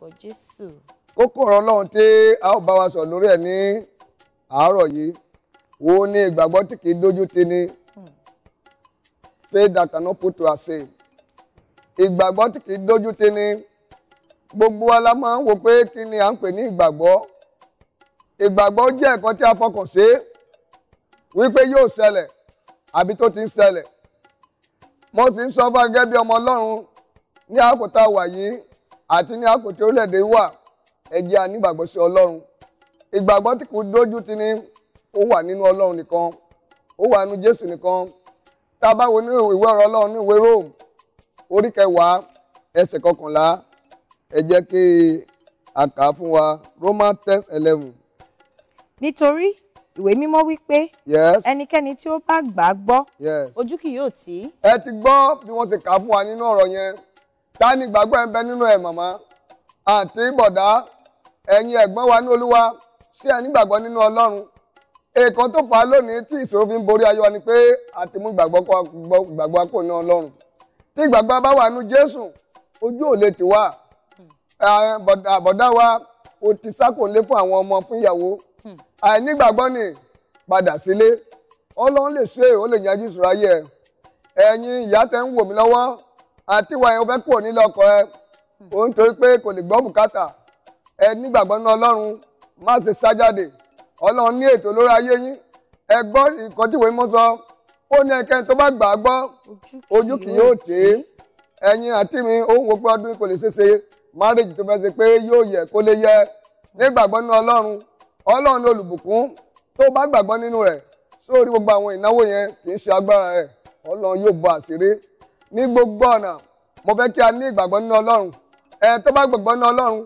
orúkọ Jésù. kókó ọ̀rọ̀ Ọlọ́run tí a ó bá wa sọ lórí ẹ̀ ní àárọ̀ yìí wo ni ìgbàgbọ́ tí kì í dójú ti ni hmm. fe that cannot put to ashamed ìgbàgbọ́ tí kì í dójú ti ni gbogbo wa la máa ń wò pé kí ni à ń pè ní ìgbàgbọ́ ìgbàgbọ́ jẹ́ ẹ̀kọ́ tí a fọkàn sí wípé yóò ṣẹlẹ̀ àbí tó ti ń ṣẹlẹ̀ mo sì ń sọ fún gẹ́gẹ́ bí ọmọ Ọlọ́run ní àkótá wà yìí àti ní àkòtí orílẹ̀-èdè wa ẹ jẹ́ anígbàgbọ́ sí ọlọ́run ìgbàgbọ́ tí kò dójú ti ní ó wà nínú ọlọ́run nìkan ó wà nínú jésù nìkan tá a bá wo ní ìwé ọ̀rọ̀ ọlọ́run ní ìwé rome orí ẹsẹ̀ kọkànlá ẹ kí a fún wa Romans ten eleven. nítorí ìwé mímọ́ wí pé ẹnikẹ́ni tí ó bá gbà á gbọ́ ojú kì yóò tì í. ẹ ti gbọ́ bí wọ́n ṣe kà á fún wa nínú ọ̀rọ̀ yẹn tani ìgbàgbọ́ ẹ̀ ń bẹ nínú ẹ̀ màmá àǹtí bọ̀dá ẹ̀yin ẹ̀gbọ́n wa ní olúwa ṣé ẹ nígbàgbọ́ nínú ọlọ́run èèkan tó fà á lónìí tí ìṣòro fi ń borí ayé wa ni pé àti mú ìgbàgbọ́ kò ní ọlọ́run tí ìgbàgbọ́ bá wà nú jésù ojú ò lè tì wá àbọ̀dá wa kò ti sákòlé fún àwọn ọmọ fún ìyàwó àìnígbàgbọ́ ni padà sílé ọlọ́run lè ṣe é ó lè yanjú ìṣòro ayé ẹ ẹ̀yin ìyá tẹ́ ń wò mí lọ́wọ́ àti ìwà yẹn o fẹ́ kúrò nílé ọkọ ẹ òun torí pé kò lè gbọ́ bùkátà ẹ nígbàgbọ́ nínú ọlọ́run má ṣe sájáde ọlọ́run ní ètò lórí ayé yín ẹ gbọ́ ìkọ́júwe mọ́ sọ ó ní ẹnikẹ́ni tó bá gbà á gbọ́ ojú kì yóò tè é ẹ̀yin àti mi òun wo pé ọdún kò lè ṣeéṣe márèjì tó fẹ́ ṣe pé yóò yẹ kó lè yẹ nígbàgbọ́ nínú ọlọ́run ọlọ́run olùbùkún tó bá gbàgbọ́ nínú rẹ̀ sórí gbogbo àwọn ìnáwó yẹn kì í ṣe agbára rẹ̀ ọlọ́run yóò bọ́ àṣírí ní gbogbo ọ̀nà mo fẹ́ kí a ní ìgbàgbọ́ nínú ọlọ́run ẹ tó bá gbàgbọ́ nínú ọlọ́run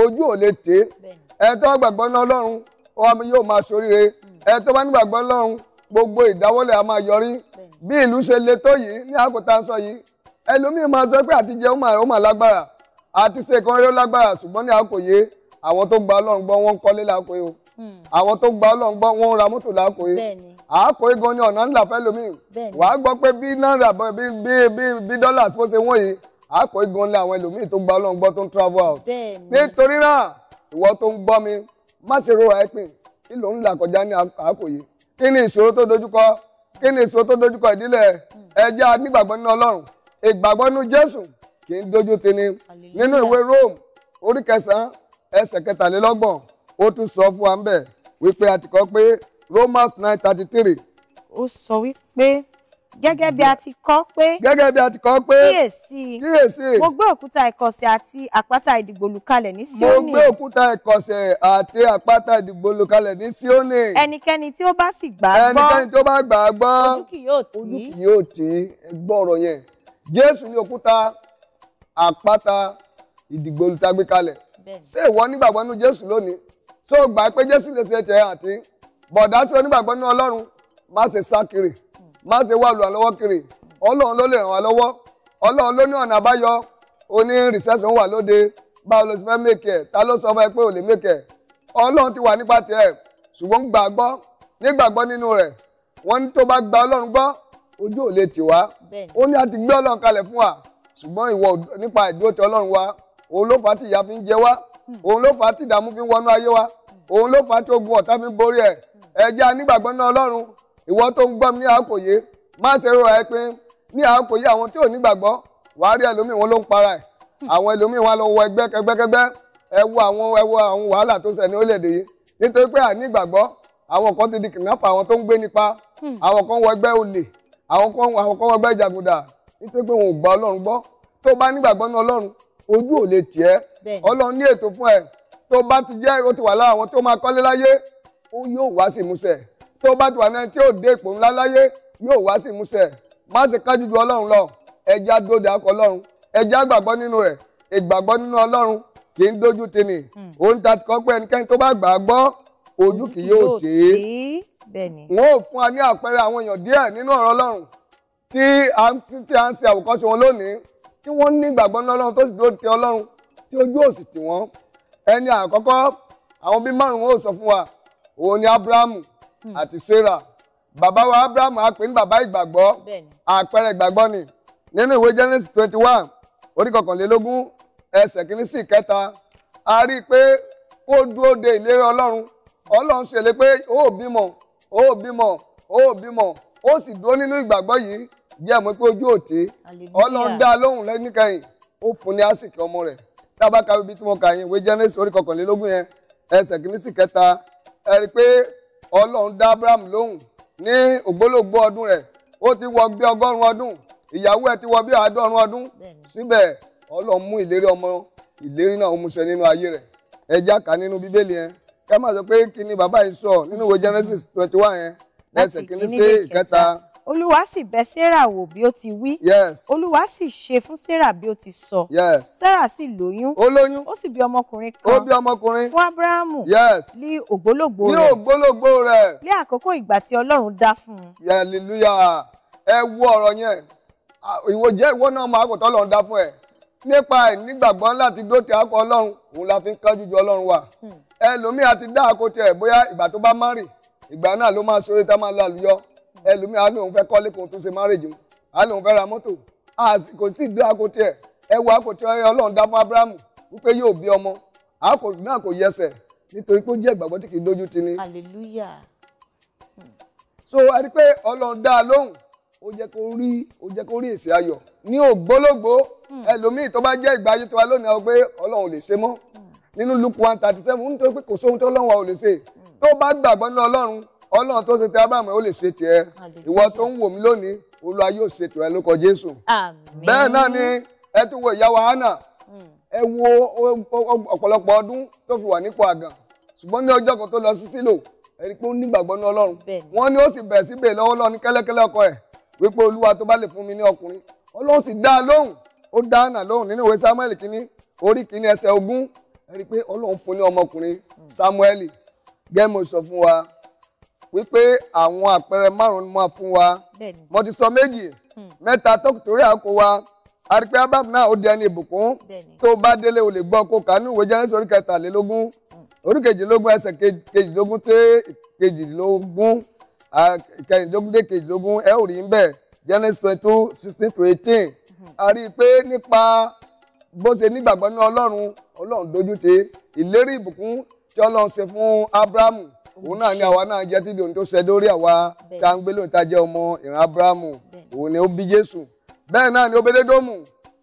ojú ò lè tè é ẹ tó bá gbàgbọ́ nínú ọlọ́run ọmọ yóò máa ṣoríire ẹ tó bá nígbàgbọ́ ọlọ́run gbogbo ìdáwọ́lẹ̀ a máa yọrí bí ìlú ṣe le tó yìí ní àkótá ń sọ yìí ẹlòmíín máa sọ pé àtijẹ́ ó máa lágbára àti ṣe ìkànnì ó lágbára ṣùgbọ́n ní àkòyé àwọn tó gba ọlọ́run gbọ́ wọ́n kọ́lé lákòyé Hmm. àwọn tó gba ọlọ́run gbọ́ wọn ń ra mọ́tò láàkóyè àákóyè gan ni ọ̀nà ńlá fẹ́ lómi wàá gbọ́ pé bí náírà bí bí bí dọ́là tó ṣe wọ́n yìí àákóyè gan ni àwọn ẹlòmíì tó gba ọlọ́run gbọ́ tó ń travel out nítorí náà ìwọ tó ń gbọ́ mi má ṣe rora ẹ pin kí ló ń là kọjá ní àákóyè kí ni ìṣòro tó dojúkọ kí ni ìṣòro tó dojúkọ ìdílé ẹ hmm. jẹ́ anígbàgbọ́ nínú ọlọ́run ìgbàgbọ́ nínú jésù kì í dojú tini nínú ìwé rome orí kẹsàn-án ẹsẹ̀ kẹtàlélọ́gbọ̀n ó tún sọ fún wa ń bẹ̀ wípé a ti kọ́ pé Romans nine thirty three. ó sọ wípé gẹ́gẹ́ bí a ti kọ́ pé. gẹ́gẹ́ bí a ti kọ́ pé. kíyèsí kíyèsí. mo gbé òkúta ìkọ̀sẹ̀ àti àpáta ìdìgbòlù kalẹ̀ ní Síónì. mo gbé òkúta ìkọ̀sẹ̀ àti àpáta ìdìgbòlù kalẹ̀ ní Síónì. ẹnikẹ́ni tí ó bá sì gbà á gbọ́. ẹnikẹ́ni tí ó bá gbà á gbọ́. ojú kì yóò tì ojú kì yóò tì gbọ́rọ̀ yẹn. Jésù ní òkúta àpáta ìdìgbòlù tó gbà pé jésù lè ṣe tẹ̀ àti bọ̀dá sí onígbàgbọ́ nínú ọlọ́run má ṣe sá kiri má ṣe wà lùwà lọ́wọ́ kiri ọlọ́run ló lè ràn wá lọ́wọ́ ọlọ́run ló ní ọ̀nà àbáyọ oní rìsẹ́sùn wà lóde báwo ló ti fẹ́ mèkì ẹ̀ ta ló sọ fún ẹ pé ò lè mèkì ẹ̀ ọlọ́run ti wà nípa tiẹ̀ ṣùgbọ́n gbàgbọ́ nígbàgbọ́ nínú rẹ̀ wọ́n ní tó bá gba ọlọ́run gbọ́ ojú ò lè tì wá ó ní a ti gbé ọlọ́run kalẹ̀ fún wa ṣùgbọ́n ìwọ nípa ìdúró ti ọlọ́run wa òun ló fà á ti ìyà fi ń jẹ wá Hmm. òun ló fà á tí ìdààmú fi wọnú ayé wa hmm. òun ló fà á tí ogun ọ̀tá fi borí ẹ̀ hmm. ẹ jẹ́ anígbàgbọ́ náà ọlọ́run ìwọ tó ń gbọ́ mi ní àkòyé má ṣe rò ẹ pé ní àkòyé àwọn tí ò nígbàgbọ́ wàá rí ẹlòmíì wọn ló ń para ẹ̀ àwọn ẹlòmíì wọn lọ wọ ẹgbẹ́ kẹgbẹ́kẹgbẹ́ ẹ wo àwọn ẹ wo àwọn wàhálà tó ṣẹ̀ ní orílẹ̀-èdè yìí nítorí pé ànígbàgbọ́ àwọn kan ti di kìnnápà àwọn tó ń gbé nípa àwọn kan wọ ẹgbẹ́ olè àwọn kan wọ ẹgbẹ́ jàgùdà nítorí pé wọn ò gbà ọlọ́run gbọ́ tó bá nígbàgbọ́ ní ọlọ́run ojú ò lè tì ẹ́ ọlọ́run ní ètò fún ẹ tó bá ti jẹ́ o ti wà lára àwọn tó máa kọ́lé láyé ó yóò wá sí ìmúṣẹ tó bá ti wà náà tí ò dé ipò ńlá láyé yóò wá sí ìmúṣẹ má ṣe kájú ju ọlọ́run lọ ẹja dóde akọ ọlọ́run ẹja gbàgbọ́ nínú rẹ̀ ìgbàgbọ́ nínú ọlọ́run kì í dojú tini òun ta kọ́ pé ẹnikẹ́ni tó bá gbàgbọ́ ojú kì yóò tì í wọn ò fún wa ní àpẹẹrẹ àwọn èèyàn díẹ̀ nínú ọ̀rọ̀ ọlọ́run tí a ń ṣe àwòkọ́ṣe wọn lónìí tí wọ́n ní ìgbàgbọ́ ní ọlọ́run tó sì dúró ti ọlọ́run tí ojú òsì tì wọ́n ẹni àkọ́kọ́ àwọn bíi márùn wọn ò sọ fún wa òun ni abrahamu àti sarah bàbá wa abrahamu a pè ní bàbá ìgbàgbọ́ àpẹẹrẹ ìgbàgbọ́ ni nínú ìwé genesis twenty one orí kọkànlélógún ẹsẹ̀ kìíní sí ìkẹta a rí i pé kó dúró de ìlérí ọlọ́run ọlọ́run ṣèlè pé ó bímọ ó bímọ ó bímọ ó sì dúró nínú ìgbàgbọ́ yìí jẹ́ mọ́ pé ojú òtí ọlọ́run dá lóhùn lẹ́nìkẹyìn ó fún ní àsìkò ọmọ rẹ̀ tábà ka ibi tí mo kà yín ìwé Jẹ́nẹ́sì orí kọkànlélógún yẹn ẹsẹ̀ kìíní sí kẹta ẹ rí i pé ọlọ́run dá Abraham lóhùn ní ògbólógbó ọdún rẹ̀ ó ti wọ bí ọgọ́rùn-ún ọdún ìyàwó ẹ̀ ti wọ bí àádọ́rùn-ún ọdún síbẹ̀ ọlọ́run mú ìlérí ọmọ ìlérí náà ó mú ṣẹ nínú ayé rẹ̀ ẹ já kà nínú bíbélì yẹn ká má sọ pé kí ni bàbá yìí sọ nínú ìwé Genesis twenty one yẹn ẹsẹ̀ kìíní sí ìkẹta olúwa sì bẹ̀ sarah wò bí ó ti wí. yes. olúwa sì ṣe fún sarah bí ó ti sọ. yes. sarah sì lóyún. ó lóyún. ó sì bí ọmọkùnrin kan. ó bí ọmọkùnrin. fún abrahamu. yes. ní ògbólógbò rẹ̀. ní ògbólógbò rẹ̀. ní àkókò ìgbà tí ọlọ́run dá fún un. hallelujah ẹ wo ọ̀rọ̀ yẹn ìwọ jẹ́ ìwọ náà máa kò tọ́lọ́run dá fún ẹ nípa ẹ nígbàgbọ́ láti dó ti akọ ọlọ́run òun la fi ń kánjú ju ọlọ́run wa hmm. ẹlòmíì àti dá àkótẹ bóyá ìgbà tó bá má rì ìgbà náà ló máa sọ̀rọ̀ tá máa lọ àlùyọ ẹlòmíì á òun fẹ́ kọ́lé kó tún ṣe márèjì mu á òun fẹ́ ra mọ́tò kò sí ìgbé àkótí ẹ̀ ẹ wo àkótí ọlọ́run dá fún Ábúráhámù wípé yóò bí ọmọ àkótí náà kò yẹsẹ̀ nítorí pé ó jẹ́ ìgbàgbọ́ tí kì í dójú tì hallelujah. Hmm. so a rí pé ọlọ́run dá a lóhùn ó jẹ́ kó rí ó jẹ́ kó rí èsì ayọ̀ ní ògbólógbó hmm. ẹlòmíì tó bá jẹ́ ìgbà ayé tiwa lónìí ọ pé ọlọ́run ò lè ṣe mọ́ hmm. nínú Luke one thirty seven nítorí pé kò sóhun tó ọlọ́run wa ò lè ṣe tó bá gbàgbọ́ nínú ọlọ́run ọlọ́run tó ṣe ti abrahamu ó lè ṣe tiẹ̀ ìwọ tó ń wò mí lónìí olúwa yóò ṣe tiẹ̀ lórúkọ jésù. bẹ́ẹ̀ náà ni ẹ tún wo ìyá hmm. ẹ wo ọ̀pọ̀lọpọ̀ ọdún tó fi wà nípò àgàn ṣùgbọ́n ní ọjọ́ kan tó lọ sí sílò ẹ rí ní ọlọ́run wọ́n ní ó sì ọkọ ẹ̀ wípé olúwa tó fún mi ní ọkùnrin ọlọ́run sì dá a lóhùn ó dá nínú ìwé kínní orí kínní wípé àwọn àpẹẹrẹ márùn ún máa fún wa mo ti sọ méjì hmm. mẹ́ta tó torí àkó wa àrípé abraham náà ó di ẹni ìbùkún tó bá délé o lè gbọ́ kó kàánú ìwé Jẹ́nẹ́sì orí kẹtàlélógún hmm. orí kejìlélógún ẹsẹ̀ kejìlélógún tẹ kejìlélógún kẹrìndínlógún dé kejìlélógún ẹ ò rí ń bẹ Jẹ́nẹ́sì twenty two sixteen to eighteen hmm. a pé nípa bó ṣe nígbàgbọ́ ní ọlọ́run ọlọ́run dojú tì ìlérí ìbùkún tí ọlọ́run ṣe fún abrahamu òun náà ni àwa náà jẹ́ tíbi òun tó ṣẹ lórí àwa tá ń gbé lóun tá jẹ́ ọmọ ìran Ábúráhámù òun ni ó bí Jésù bẹ́ẹ̀ náà ni Obedédómù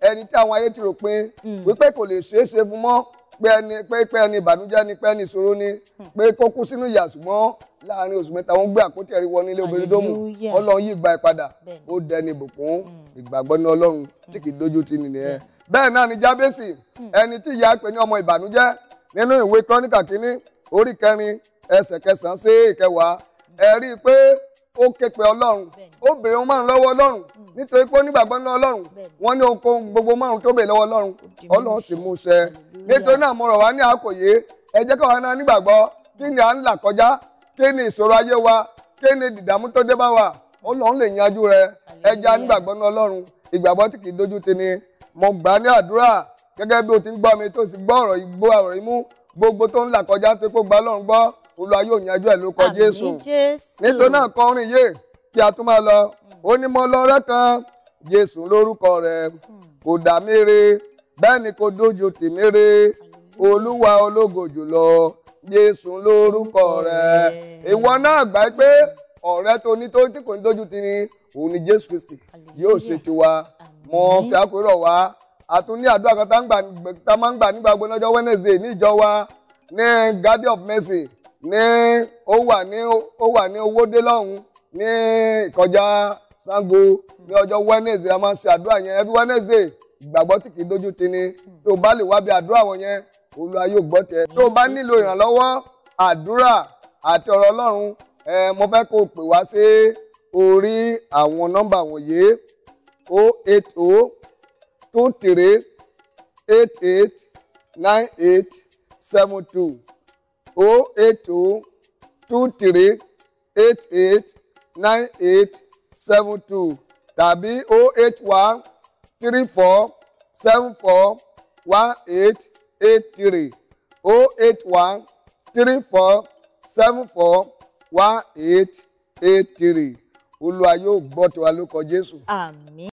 ẹni tí àwọn ayé ti rò pé hmm. wípé kò lè ṣeé ṣe fún mọ́ pé ẹni pé pé ẹni ìbànújẹ́ ni pé ẹni ìṣòro ni hmm. pé kó kú sínú ìyà ṣùgbọ́n láàrin oṣù mẹ́ta wọ́n gbé àkótí ẹ̀rí wọ nílé Obedédómù Ọlọ́run yìí gba ẹ̀ ó dẹni ìbùkún hmm. ìgbàgbọ́ ní Ọlọ́run tí kì í dójú ti nìyẹn bẹ́ẹ̀ náà ni Jábésì ẹni tí ìyá pè ní ọmọ ìbànújẹ́ nínú ìwé kọ́níkà kínní orí kẹrin ẹsẹ̀ kẹsàn-án sí ìkẹwàá ẹ rí i pé ó képe ọlọ́run ó béèrè ohun márùn lọ́wọ́ ọlọ́run hmm. nítorí pé ó nígbàgbọ́ nínú gbogbo márùn tó béèrè lọ́wọ́ ọlọ́run ọlọ́run sì mú ṣẹ nítorí náà mo rọ̀ wá ní àkòyé ẹ jẹ́ náà ni à ń là kọjá kí ni ìṣòro ayé wa kí ni dìdàmú tó dé bá wa ọlọ́run lè yanjú rẹ ẹ jẹ́ nígbàgbọ́ nínú ọlọ́run ìgbàgbọ́ tí kì í mo gbà ní àdúrà gẹ́gẹ́ bí o ti olúwa yóò yanjú ẹ̀ lórúkọ jésù nítorí náà kọrin yé kí a tún máa lọ hmm. ó ní kan jésù lórúkọ rẹ̀ hmm. kò dá mi re ni kò dojú tèmi re olúwa ológo jùlọ jésù lórúkọ rẹ̀ ìwọ náà gbà pé ọ̀rẹ́ tó ní tó tí kò ní dojú tì ní òun ni jésù kristi yóò ṣe tiwa mọ fẹ́ àpérò wa àtún ní àdúrà kan tá máa ń gbà nígbà gbóná ọjọ́ wednesday ní wa ní garden of mercy ní ó wà ní ó wà ní owódé lọ́hùn ní ìkọjá Ṣàngó ní ọjọ́ Wednesday a máa ń ṣe àdúrà yẹn every Wednesday ìgbàgbọ́ tí kìí dojú tini tó o bá lè wá bí àdúrà wọn yẹn Olúwa yóò gbọ́ tẹ tó o bá nílò ìrànlọ́wọ́ àdúrà àti ọ̀rọ̀ Ọlọ́run ẹ mo fẹ́ kó o pè wá sí orí àwọn nọ́mbà wọ̀nyí o oh eight o oh two three eight eight nine eight seven two o eight o two three eight eight nine eight seven two tàbí o eight one three four seven four one eight eight three o eight one three four seven four one eight eight three olúwa yóò gbọ́ tiwa lórúkọ jésù.